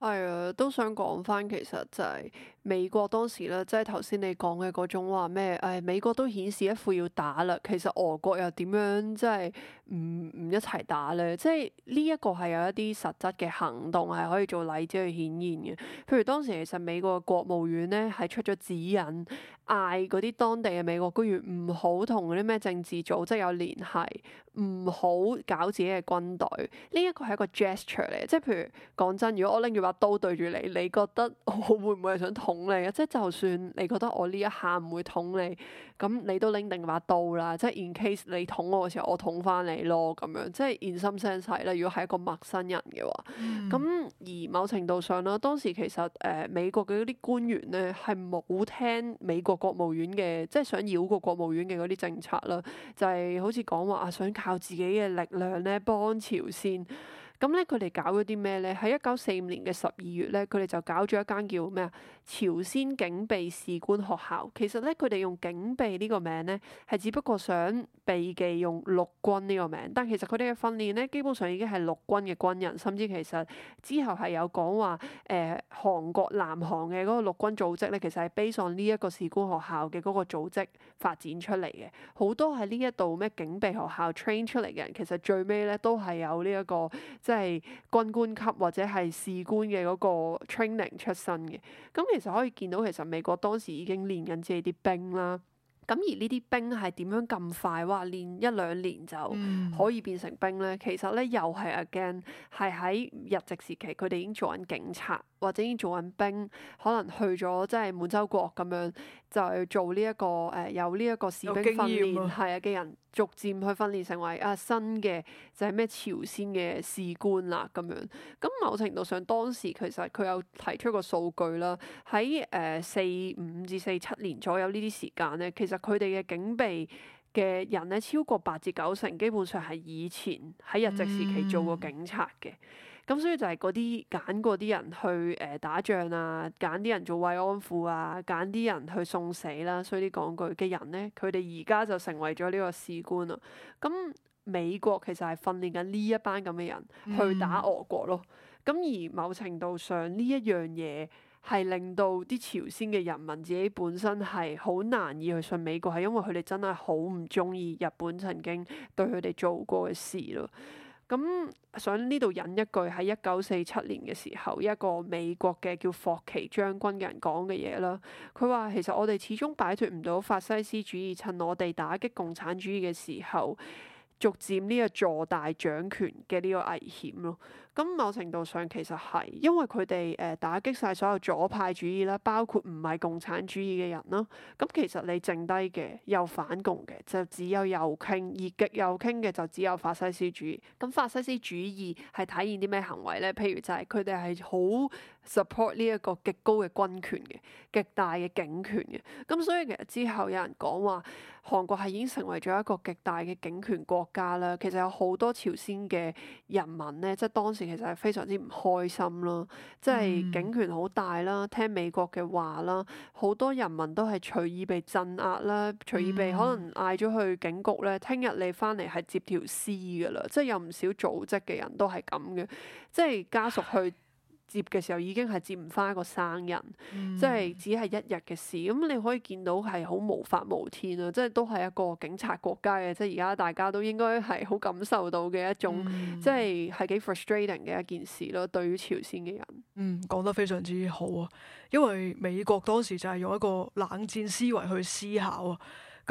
係啊、哎，都想講翻，其實就係美國當時咧，即係頭先你講嘅嗰種話咩？誒、哎，美國都顯示一副要打啦，其實俄國又點樣即係唔唔一齊打咧？即係呢一個係有一啲實質嘅行動係可以做例子去顯現嘅。譬如當時其實美國嘅國務院咧係出咗指引，嗌嗰啲當地嘅美國官員唔好同嗰啲咩政治組織有聯繫，唔好搞自己嘅軍隊。呢一個係一個 gesture 嚟嘅。即係譬如講真，如果我拎住話。把刀對住你，你覺得我會唔會係想捅你啊？即係就算你覺得我呢一下唔會捅你，咁你都拎定把刀啦。即係 in case 你捅我嘅時候，我捅翻你咯。咁樣即係 in some sense 啦。如果係一個陌生人嘅話，咁、嗯、而某程度上啦，當時其實誒、呃、美國嘅嗰啲官員咧係冇聽美國國務院嘅，即係想繞過國務院嘅嗰啲政策啦，就係好似講話啊，想靠自己嘅力量咧幫朝鮮。咁咧，佢哋搞咗啲咩咧？喺一九四五年嘅十二月咧，佢哋就搞咗一間叫咩啊？朝鮮警備士官學校，其實咧佢哋用警備呢個名咧，係只不過想避忌用陸軍呢個名，但其實佢哋嘅訓練咧，基本上已經係陸軍嘅軍人，甚至其實之後係有講話誒韓國南韓嘅嗰個陸軍組織咧，其實係 base on 呢一個士官學校嘅嗰個組織發展出嚟嘅，好多係呢一度咩警備學校 train 出嚟嘅人，其實最尾咧都係有呢一個即係軍官級或者係士官嘅嗰個 training 出身嘅，咁其。其實可以見到，其實美國當時已經練緊自己啲兵啦。咁而呢啲兵係點樣咁快，話練一兩年就可以變成兵咧？嗯、其實咧又係 again 係喺日殖時期，佢哋已經做緊警察或者已經做緊兵，可能去咗即係滿洲國咁樣，就做呢、這、一個誒、呃、有呢一個士兵訓練係嘅人。逐漸去訓練成為啊新嘅就係咩朝鮮嘅士官啦咁樣，咁某程度上當時其實佢有提出個數據啦，喺誒四五至四七年左右呢啲時間咧，其實佢哋嘅警備嘅人咧超過八至九成，基本上係以前喺日殖時期做過警察嘅。嗯咁所以就係嗰啲揀嗰啲人去誒、呃、打仗啊，揀啲人做慰安婦啊，揀啲人去送死啦。所以啲講句嘅人咧，佢哋而家就成為咗呢個士官啦。咁美國其實係訓練緊呢一班咁嘅人去打俄國咯。咁、嗯、而某程度上呢一樣嘢係令到啲朝鮮嘅人民自己本身係好難以去信美國，係因為佢哋真係好唔中意日本曾經對佢哋做過嘅事咯。咁想呢度引一句喺一九四七年嘅時候，一個美國嘅叫霍奇將軍嘅人講嘅嘢啦。佢話：其實我哋始終擺脫唔到法西斯主義，趁我哋打擊共產主義嘅時候，逐漸呢個坐大掌權嘅呢個危險咯。咁某程度上其實係因為佢哋誒打擊晒所有左派主義啦，包括唔係共產主義嘅人啦。咁其實你剩低嘅又反共嘅就只有右傾，而極右傾嘅就只有法西斯主義，咁法西斯主義係體現啲咩行為咧？譬如就係佢哋係好 support 呢一個極高嘅軍權嘅，極大嘅警權嘅。咁所以其實之後有人講話韓國係已經成為咗一個極大嘅警權國家啦。其實有好多朝鮮嘅人民咧，即係當時。其實係非常之唔開心囉，即係警權好大啦，聽美國嘅話啦，好多人民都係隨意被鎮壓啦，隨意被可能嗌咗去警局呢，聽日你返嚟係接條屍㗎喇，即係有唔少組織嘅人都係咁嘅，即係家屬去。接嘅時候已經係接唔翻一個生人，嗯、即係只係一日嘅事。咁你可以見到係好無法無天啊！即係都係一個警察國家嘅，即係而家大家都應該係好感受到嘅一種，嗯、即係係幾 frustrating 嘅一件事咯。對於朝鮮嘅人，嗯，講得非常之好啊！因為美國當時就係用一個冷戰思維去思考啊。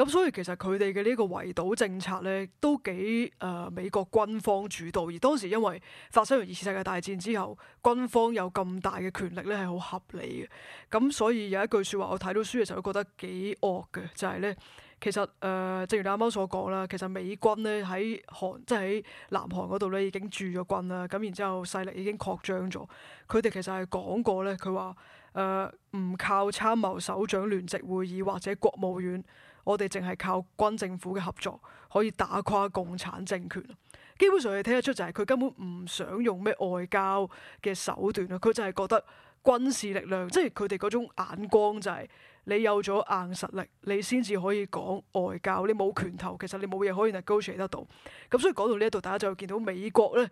咁所以其實佢哋嘅呢個圍堵政策咧，都幾誒、呃、美國軍方主導。而當時因為發生完二次世界大戰之後，軍方有咁大嘅權力咧，係好合理嘅。咁所以有一句說話，我睇到書嘅時候都覺得幾惡嘅，就係、是、咧其實誒、呃，正如你啱啱所講啦，其實美軍咧喺韓即係喺南韓嗰度咧已經駐咗軍啦。咁然之後勢力已經擴張咗，佢哋其實係講過咧，佢話誒唔靠參謀首長聯席會議或者國務院。我哋淨係靠軍政府嘅合作可以打垮共產政權，基本上係聽得出就係、是、佢根本唔想用咩外交嘅手段啊！佢就係覺得軍事力量，即係佢哋嗰種眼光就係、是、你有咗硬實力，你先至可以講外交。你冇拳頭，其實你冇嘢可以 negotiate 得到。咁所以講到呢一度，大家就會見到美國呢。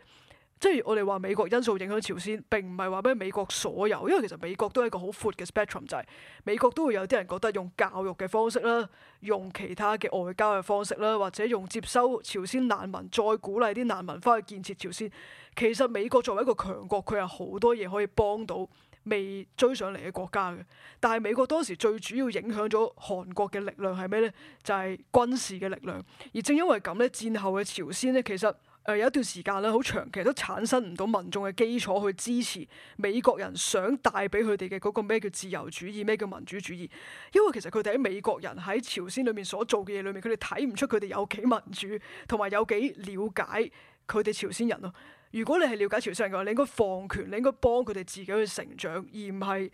即係我哋話美國因素影響朝鮮，並唔係話畀美國所有，因為其實美國都係一個好闊嘅 spectrum，就係美國都會有啲人覺得用教育嘅方式啦，用其他嘅外交嘅方式啦，或者用接收朝鮮難民，再鼓勵啲難民翻去建設朝鮮。其實美國作為一個強國，佢係好多嘢可以幫到未追上嚟嘅國家嘅。但係美國當時最主要影響咗韓國嘅力量係咩咧？就係、是、軍事嘅力量。而正因為咁咧，戰後嘅朝鮮咧，其實。誒有一段時間咧，好長期都產生唔到民眾嘅基礎去支持美國人想帶俾佢哋嘅嗰個咩叫自由主義，咩叫民主主義？因為其實佢哋喺美國人喺朝鮮裏面所做嘅嘢裏面，佢哋睇唔出佢哋有幾民主，同埋有幾了解佢哋朝鮮人咯。如果你係了解朝鮮人嘅話，你應該放權，你應該幫佢哋自己去成長，而唔係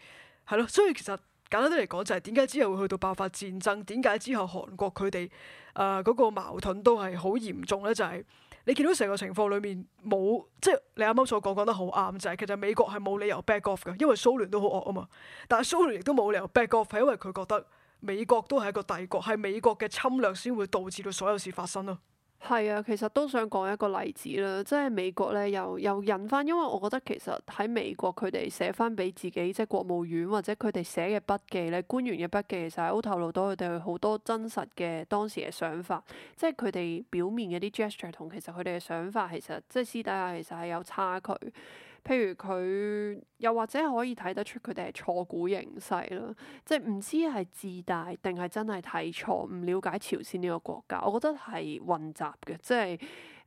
係咯。所以其實簡單啲嚟講，就係點解之後會去到爆發戰爭？點解之後韓國佢哋誒嗰個矛盾都係好嚴重咧？就係、是。你見到成個情況裏面冇，即係你啱啱所講講得好啱，就係其實美國係冇理由 back off 嘅，因為蘇聯都好惡啊嘛。但係蘇聯亦都冇理由 back off，係因為佢覺得美國都係一個帝國，係美國嘅侵略先會導致到所有事發生咯。係啊，其實都想講一個例子啦，即係美國咧又又引翻。因為我覺得其實喺美國佢哋寫翻俾自己，即係國務院或者佢哋寫嘅筆記咧，官員嘅筆記其實係好透露到佢哋好多真實嘅當時嘅想法，即係佢哋表面嘅啲 gesture 同其實佢哋嘅想法其實即係私底下其實係有差距。譬如佢，又或者可以睇得出佢哋係錯估形勢咯，即係唔知係自大定係真係睇錯，唔了解朝鮮呢個國家，我覺得係混雜嘅，即係。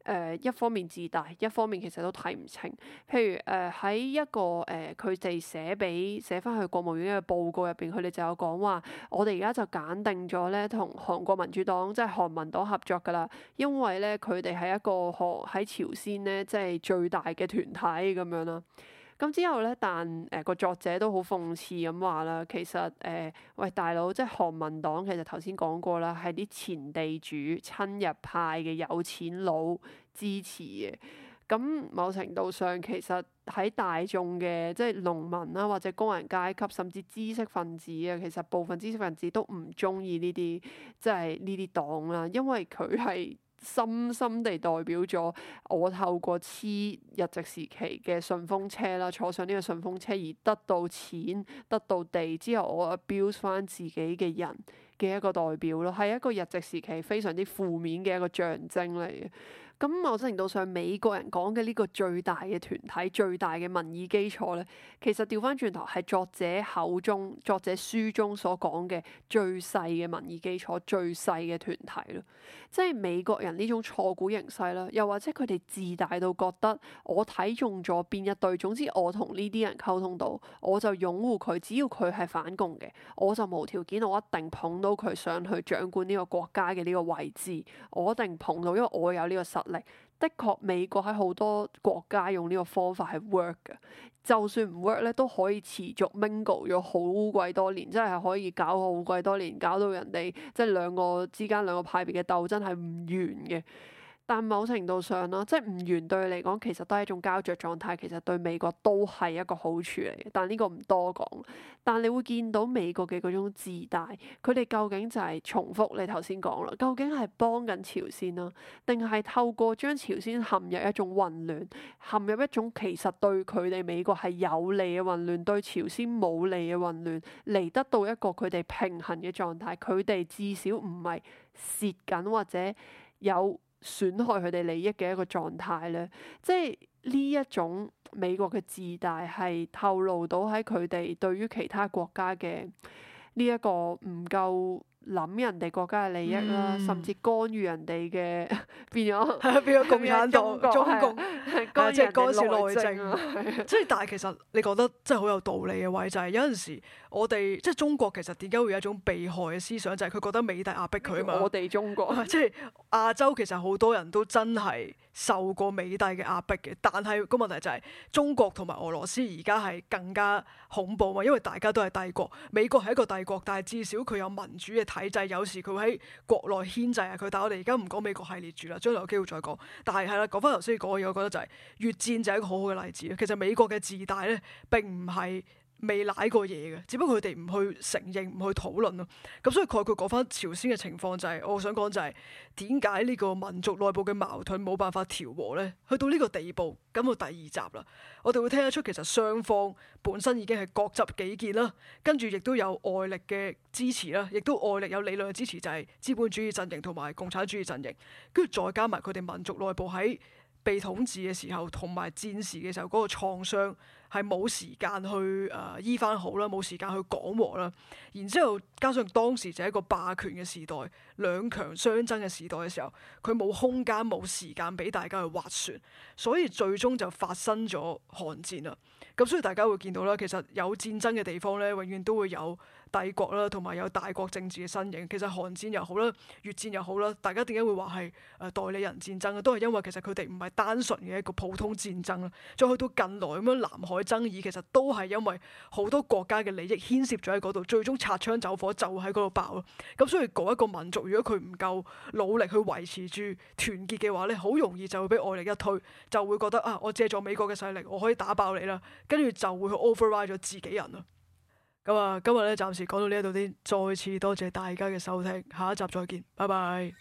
誒、呃、一方面自大，一方面其實都睇唔清。譬如誒喺、呃、一個誒佢哋寫俾寫翻去國務院嘅報告入邊，佢哋就有講話，我哋而家就揀定咗咧同韓國民主黨即係、就是、韓民黨合作㗎啦，因為咧佢哋係一個韓喺朝鮮咧即係最大嘅團體咁樣啦。咁之後咧，但誒個、呃、作者都好諷刺咁話啦，其實誒、呃、喂大佬，即韓民黨其實頭先講過啦，係啲前地主、親日派嘅有錢佬支持嘅。咁某程度上，其實喺大眾嘅即農民啦，或者工人階級，甚至知識分子啊，其實部分知識分子都唔中意呢啲即係呢啲黨啦，因為佢係。深深地代表咗我透過黐日殖時期嘅順風車啦，坐上呢個順風車而得到錢、得到地之後，我 abuse 翻自己嘅人嘅一個代表咯，係一個日殖時期非常之負面嘅一個象徵嚟嘅。咁某程度上，美國人講嘅呢個最大嘅團體，最大嘅民意基礎咧，其實調翻轉頭係作者口中，作者書中所講嘅最細嘅民意基礎，最細嘅團體咯。即係美國人呢種錯估形勢啦，又或者佢哋自大到覺得我睇中咗邊一對，總之我同呢啲人溝通到，我就擁護佢，只要佢係反共嘅，我就無條件，我一定捧到佢上去掌管呢個國家嘅呢個位置，我一定捧到，因為我有呢個實。的確，美國喺好多國家用呢個方法係 work 嘅，就算唔 work 咧，都可以持續 mingle 咗好鬼多年，真係可以搞好鬼多年，搞到人哋即係兩個之間兩個派別嘅鬥爭係唔完嘅。但某程度上啦，即係唔完對你嚟講，其實都係一種膠着狀態，其實對美國都係一個好處嚟嘅，但呢個唔多講，但你會見到美國嘅嗰種自大，佢哋究竟就係重複你頭先講啦，究竟係幫緊朝鮮啦，定係透過將朝鮮陷入一種混亂，陷入一種其實對佢哋美國係有利嘅混亂，對朝鮮冇利嘅混亂嚟得到一個佢哋平衡嘅狀態，佢哋至少唔係蝕緊或者有。損害佢哋利益嘅一個狀態咧，即係呢一種美國嘅自大係透露到喺佢哋對於其他國家嘅呢一個唔夠諗人哋國家嘅利益啦，嗯、甚至干預人哋嘅 變咗變咗共產黨中國，中共，干預是即係干涉內政。即係政是 但係其實你覺得真係好有道理嘅位就係、是、有陣時。我哋即係中國其實點解會有一種被害嘅思想，就係、是、佢覺得美帝壓迫佢嘛。我哋中國 即係亞洲，其實好多人都真係受過美帝嘅壓迫嘅。但係個問題就係、是、中國同埋俄羅斯而家係更加恐怖嘛，因為大家都係帝國，美國係一個帝國，但係至少佢有民主嘅體制。有時佢會喺國內牽制下佢，但係我哋而家唔講美國系列住啦，將來有機會再講，但係係啦，講翻頭先講嘅嘢，我覺得就係、是、越戰就係一個好好嘅例子。其實美國嘅自大咧並唔係。未舐過嘢嘅，只不過佢哋唔去承認，唔去討論咯。咁所以概括講翻朝鮮嘅情況就係，我想講就係點解呢個民族內部嘅矛盾冇辦法調和呢？去到呢個地步，咁到第二集啦，我哋會聽得出其實雙方本身已經係各執己見啦，跟住亦都有外力嘅支持啦，亦都外力有理論嘅支持，就係資本主義陣營同埋共產主義陣營，跟住再加埋佢哋民族內部喺被統治嘅時候同埋戰時嘅時候嗰個創傷，係冇時間去誒醫翻好啦，冇、呃、時間去講和啦。然之後加上當時就係一個霸權嘅時代，兩強相爭嘅時代嘅時候，佢冇空間、冇時間俾大家去劃船，所以最終就發生咗韓戰啦。咁所以大家會見到啦，其實有戰爭嘅地方咧，永遠都會有帝國啦，同埋有大國政治嘅身影。其實韓戰又好啦，越戰又好啦，大家點解會話係誒代理人戰爭嘅？都係因為其實佢哋唔係單純嘅一個普通戰爭啦。再去到近來咁樣南海。爭議其實都係因為好多國家嘅利益牽涉咗喺嗰度，最終擦槍走火就喺嗰度爆啊。咁所以嗰一個民族，如果佢唔夠努力去維持住團結嘅話咧，好容易就會俾外力一推，就會覺得啊，我借助美國嘅勢力，我可以打爆你啦。跟住就會去 override 咗自己人咯。咁啊，今日咧暫時講到呢一度先，再次多謝大家嘅收聽，下一集再見，拜拜。